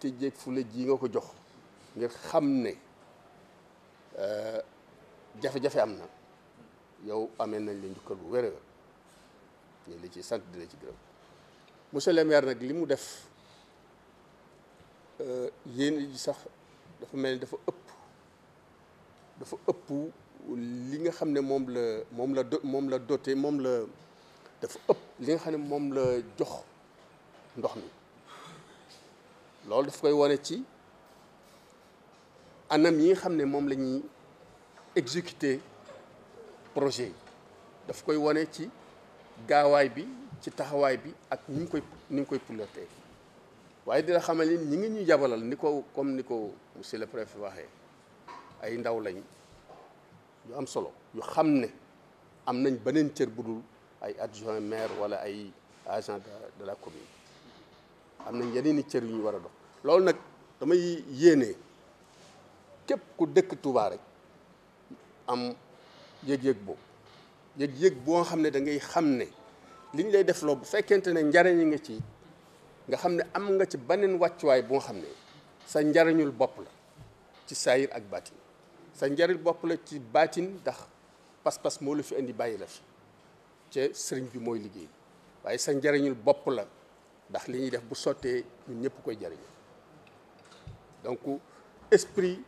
te jéeg fule ji nga ko jox ngir xam ne euh, jafe-jafe am na yow amee nañ la njukkal bu wér-wér ñu ngi ci sant di ci gërëm monsieur le maire nag li mu def euh, yéen sax dafa mel ni dafa ëpp dafa ëpp li nga xam ne moom la moom la moom la doté moom la dafa ëpp li nga xam ne moom la jox ndox mi. loolu daf koy wane ci anam yi nga xam ne moom lañuy ñuy exécuter projet yi daf koy wane ci gaawaay bi ci taxawaay bi ak ni ñu koy ni ñu koy piloté waaye dina xamal ni ñi ngi ñuy jabalal ni ko comme ni ko monsieur le préfet waxee ay ndaw lañ yu am solo yu xam ne am nañ beneen cër bu dul ay adjoint maire wala ay agent de la commune am nañ yeneen i cër yu ñu war a dox loolu nag damay yéene képp ku dëkk Touba rek am yëg-yëg boobu yëg-yëg boo xam ne da ngay xam ne li ñu lay def loo bu fekkente ne njariñ nga ci nga xam ne am nga ci beneen wàccuwaay boo xam ne sa njariñul bopp la ci saayir ak baatin sa njariñ bopp la ci baatin ndax pas-pas moo la fi indi bàyyi la fi ca sëriñ bi mooy liggéey waaye sa njariñul bopp la ndax li ñuy def bu sottee ñun ñëpp koy jariñ donc esprit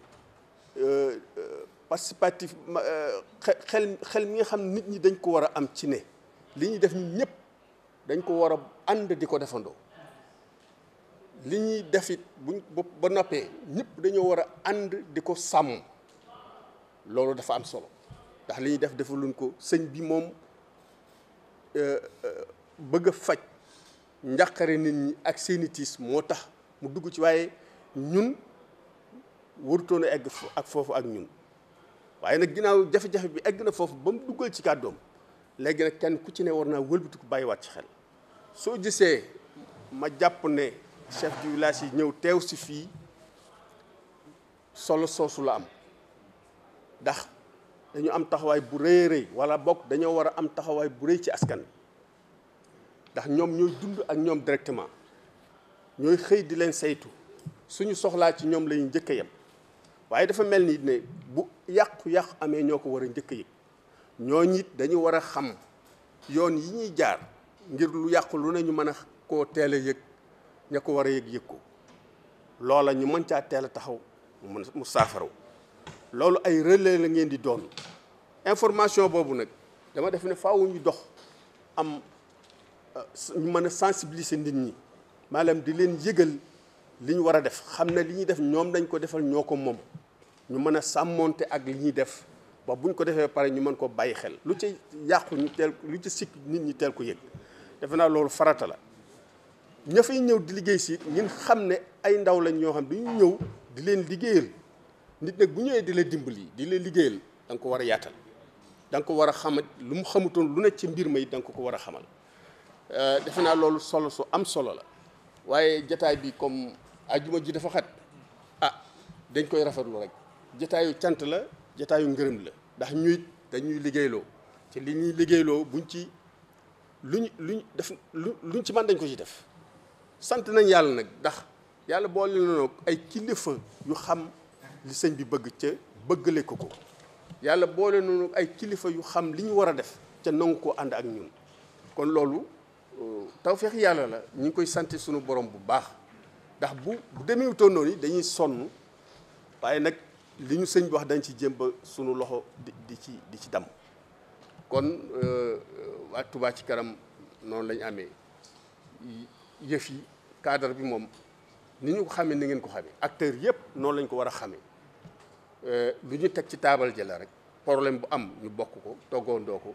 euh, euh, participatif euh, xel xel mi nga xam nit ñi dañ ko war a am ci ne li ñuy def ñun ñëpp dañ ko war a ànd di ko defandoo li ñuy def it bopp ba noppee ñëpp dañoo war a ànd di ko sàmm loolu dafa am solo ndax li ñuy def defaluñ ko sëñ bi moom bëgg a faj njàqare nit ñi ak seeni moo tax mu dugg ci waaye ñun warutoon a egg ak foofu ak ñun waaye nag ginnaaw jafe-jafe bi egg na foofu ba mu duggal ci kàddoom léegi nag kenn ku ci ne war naa ko bàyyiwaat ci xel soo gisee ma jàpp ne chef du village yi ñëw teew si fii solo soosu la am ndax dañu am taxawaay bu rëy rëy wala bokk dañoo war a am taxawaay bu rëy ci askan ndax ñoom ñooy dund ak ñoom directement ñooy xëy di leen saytu suñu soxlaa ci ñoom la njëkk a yem waaye dafa mel ni ne bu yàqu-yàqu amee ñoo ko war a njëkk a yëg ñooñu it dañu war a xam yoon yi ñuy jaar ngir lu yàqu lu ne ñu mën a koo teel a yëg ña ko war a yëg yëg ko loola ñu mën caa teel a taxaw mu saafaraw loolu ay relais la ngeen di doon information boobu nag dama def ne faaw dox am euh, ñu mën a sensibiliser nit ñi maalam di leen yëgal. li ñu war a def xam ne li ñuy def ñoom dañ ko defal ñoo ko moom ñu mën a sàmmoonte ak li ñuy def ba buñ ko defee pare ñu mën ko bàyyi xel lu ci yàqu ñu teel lu ci sikk nit ñi teel ko yëg defe naa loolu farata la ña ñëw di liggéey si ñun xam ne ay ndaw lañ ñoo xam dañu ñëw di leen liggéeyal nit nag bu ñëwee di la dimbali di la liggéeyal da ko war a yaatal da ko war a xamal lu mu lu ne ci mbir may da nga ko ko war a xamal euh, defe naa loolu solo su am solo la waaye jataay bi comme ajjuma ji dafa xat ah dañ koy rafetlu rek jataayu cant la jataayu ngërëm la ndax ñuy dañuy liggéeyloo ci li ñuy liggéeyloo buñ ci lu luñ def luñ ci man dañ ko ci def sant nañ yàlla nag ndax yàlla boole na ay kilifa yu xam li sëñ bi bëgg ca bëggale ko ko yàlla boole na ay kilifa yu xam li ñu war a def ca nangu koo ànd ak ñun kon loolu euh, tawfeex yàlla la ñu ngi koy sante sunu borom bu baax ndax bu bu demeewutoon yi dañuy sonn waaye nag li ñu sëñ bi wax dañ ci jëm ba suñu loxo di di ci di ci dam kon euh, euh, waa tubaa ci kanam noonu lañu amee yëf yi cadre bi moom ni ñu ko xamee ni ngeen ko xamee acteur yëpp noonu lañ ko war a xame euh, lu ñu teg ci taabal ji la rek problème bu am ñu bokk ko toggoondoo ko